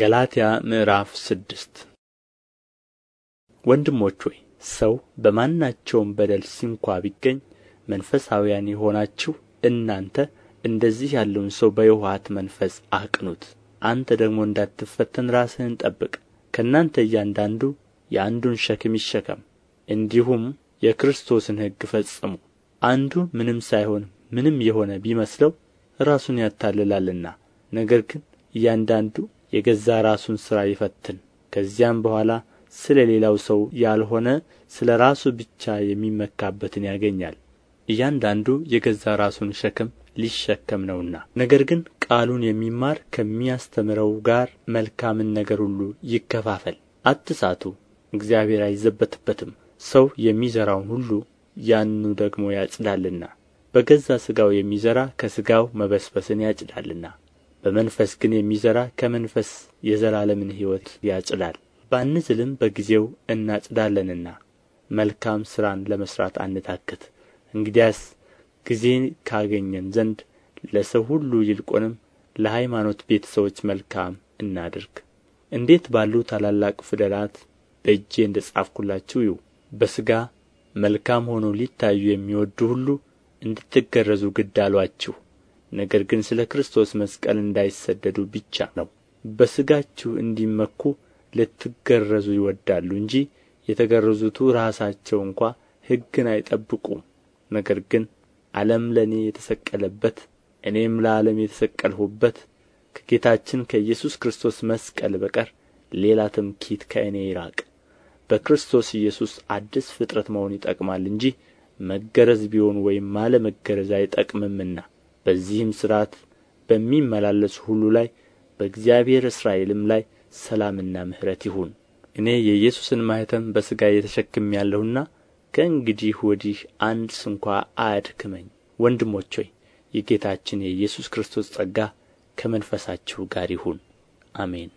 ገላትያ ምዕራፍ ስድስት ወንድሞች ሆይ ሰው በማናቸውም በደል ስንኳ ቢገኝ መንፈሳውያን የሆናችሁ እናንተ እንደዚህ ያለውን ሰው በየውሃት መንፈስ አቅኑት። አንተ ደግሞ እንዳትፈተን ራስህን ጠብቅ። ከእናንተ እያንዳንዱ የአንዱን ሸክም ይሸከም፣ እንዲሁም የክርስቶስን ሕግ ፈጽሙ። አንዱ ምንም ሳይሆን ምንም የሆነ ቢመስለው ራሱን ያታልላልና፣ ነገር ግን እያንዳንዱ የገዛ ራሱን ሥራ ይፈትን ከዚያም በኋላ ስለ ሌላው ሰው ያልሆነ ስለ ራሱ ብቻ የሚመካበትን ያገኛል እያንዳንዱ የገዛ ራሱን ሸክም ሊሸከም ነውና ነገር ግን ቃሉን የሚማር ከሚያስተምረው ጋር መልካምን ነገር ሁሉ ይከፋፈል። አትሳቱ፣ እግዚአብሔር አይዘበትበትም። ሰው የሚዘራውን ሁሉ ያንኑ ደግሞ ያጭዳልና፣ በገዛ ሥጋው የሚዘራ ከሥጋው መበስበስን ያጭዳልና በመንፈስ ግን የሚዘራ ከመንፈስ የዘላለምን ሕይወት ያጭዳል ባንዝልም በጊዜው እናጭዳለንና መልካም ሥራን ለመሥራት አንታክት እንግዲያስ ጊዜን ካገኘን ዘንድ ለሰው ሁሉ ይልቁንም ለሃይማኖት ቤተ ሰዎች መልካም እናድርግ እንዴት ባሉ ታላላቅ ፊደላት በእጄ እንደ ጻፍኩላችሁ እዩ በሥጋ መልካም ሆነው ሊታዩ የሚወዱ ሁሉ እንድትገረዙ ግድ አሉአችሁ ነገር ግን ስለ ክርስቶስ መስቀል እንዳይሰደዱ ብቻ ነው። በሥጋችሁ እንዲመኩ ልትገረዙ ይወዳሉ እንጂ የተገረዙቱ ራሳቸው እንኳ ሕግን አይጠብቁም። ነገር ግን ዓለም ለእኔ የተሰቀለበት እኔም ለዓለም የተሰቀልሁበት ከጌታችን ከኢየሱስ ክርስቶስ መስቀል በቀር ሌላ ትምኪት ከእኔ ይራቅ። በክርስቶስ ኢየሱስ አዲስ ፍጥረት መሆን ይጠቅማል እንጂ መገረዝ ቢሆን ወይም አለመገረዝ አይጠቅምምና በዚህም ሥርዓት በሚመላለሱ ሁሉ ላይ በእግዚአብሔር እስራኤልም ላይ ሰላምና ምሕረት ይሁን እኔ የኢየሱስን ማኅተም እየተሸክም ያለሁና ከእንግዲህ ወዲህ አንድ ስንኳ አያድክመኝ ወንድሞች ሆይ የጌታችን የኢየሱስ ክርስቶስ ጸጋ ከመንፈሳችሁ ጋር ይሁን አሜን